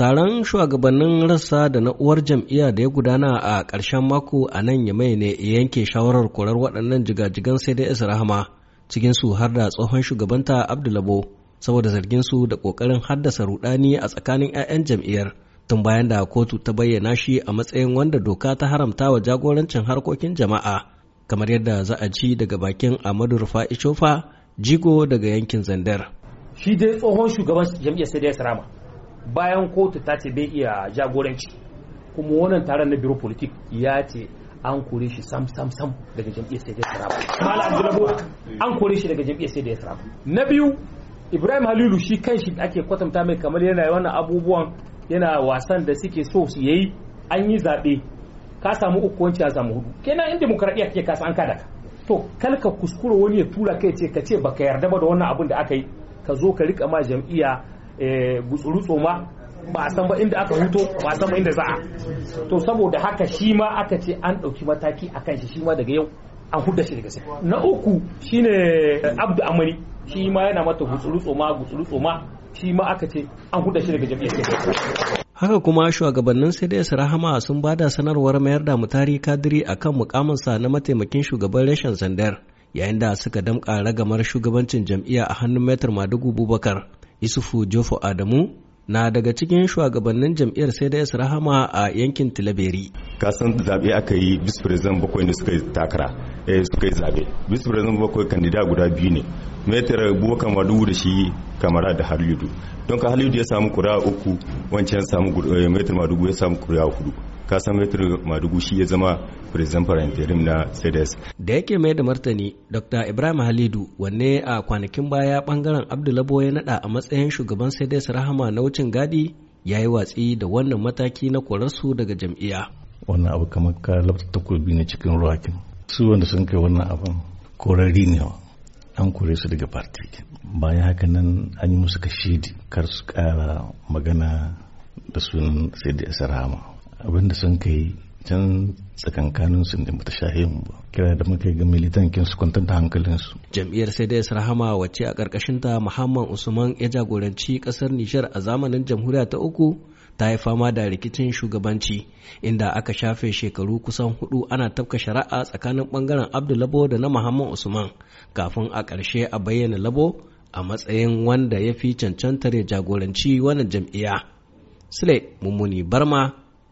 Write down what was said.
Taron shugabannin rassa da na uwar jam'iyya da ya gudana a ƙarshen mako a nan ya mai ne yanke shawarar korar waɗannan jigajigan sai dai rahama cikin su har da tsohon shugabanta Abdulabo saboda zargin su da ƙoƙarin haddasa rudani a tsakanin 'ya'yan jam'iyyar tun bayan da kotu ta bayyana shi a matsayin wanda doka ta haramta wa jagorancin harkokin jama'a kamar yadda za a ci daga bakin Amadu Rufa'i Chofa jigo daga yankin Zandar. Shi dai tsohon shugaban jam'iyyar sai dai bayan kotu ta ce bai iya jagoranci kuma wannan taron na biro politik ya ce an kore shi sam sam sam daga jam'iyyar sai da sarabu mala an kore shi daga jam'iyyar sai da sarrafa. na biyu ibrahim halilu shi kanshi ake kwatanta mai kamar yana wannan abubuwan yana wasan da suke so su yayi an yi zaɓe ka samu uku wancan ya samu hudu kenan in demokradiyya ke kasa an kada ka to kalka kuskure wani ya tura kai ce ka ce baka yarda ba da wannan abun da aka yi ka zo ka rika ma jam'iyya gutsuru eh, tsoma ba a san ba inda aka huto ba san ba inda za to saboda haka shi ma aka ce an ɗauki mataki a kan shi shi ma daga yau an huda shi daga sai na uku shine abdu amari shi ma yana mata gutsuru tsoma gutsuru tsoma shi ma aka ce an huda shi daga jami'ar. haka kuma shugabannin cds sarahama sun bada sanarwar mayar da mutari kadiri akan mukaminsa na mataimakin shugaban rashin sandar yayin da suka damƙa ragamar shugabancin jam'iyya a hannun metar madugu bubakar Isufu Jofo Adamu na daga cikin shugabannin jam'iyyar sai da rahama a yankin Tilaberi. san zaɓe aka yi bis bakwai ne suka yi takara eh, suka yi zaɓe. Bis bakwai kandida guda biyu ne. Metar Buwa dubu da shi Kamara da Halidu. Don ka Halidu ya samu kura uku wancan ya samu eh, Metar Madugu ya samu kura hudu. kasan metro madugu shi ya zama president for interim na sedes da yake mai da martani dr ibrahim halidu wanne a kwanakin baya bangaren abdullabo ya nada a matsayin shugaban sedes rahama na wucin gadi ya yi watsi da wannan mataki na korarsu daga jam'iyya wannan abu kamar ka labta takobi ne cikin ruwakin su wanda sun kai wannan abin korari ne wa. an kore su daga parti bayan haka nan an yi musu kashidi kar su kara magana da sunan sai da abin da sun kai can tsakankanin sun da mata shahin ba kira da muka ga militan kin su kwantar da hankalinsu. jam'iyyar sai dai rahama wacce a karkashin ta Muhammad Usman ya jagoranci ƙasar Nishar a zamanin jamhuriya ta uku ta yi fama da rikicin shugabanci inda aka shafe shekaru kusan hudu ana tafka shari'a tsakanin bangaren Abdullabo da na Muhammad Usman kafin a ƙarshe a bayyana Labo a matsayin wanda ya fi cancantar ya jagoranci wannan jam'iyya. Sule Mummuni Barma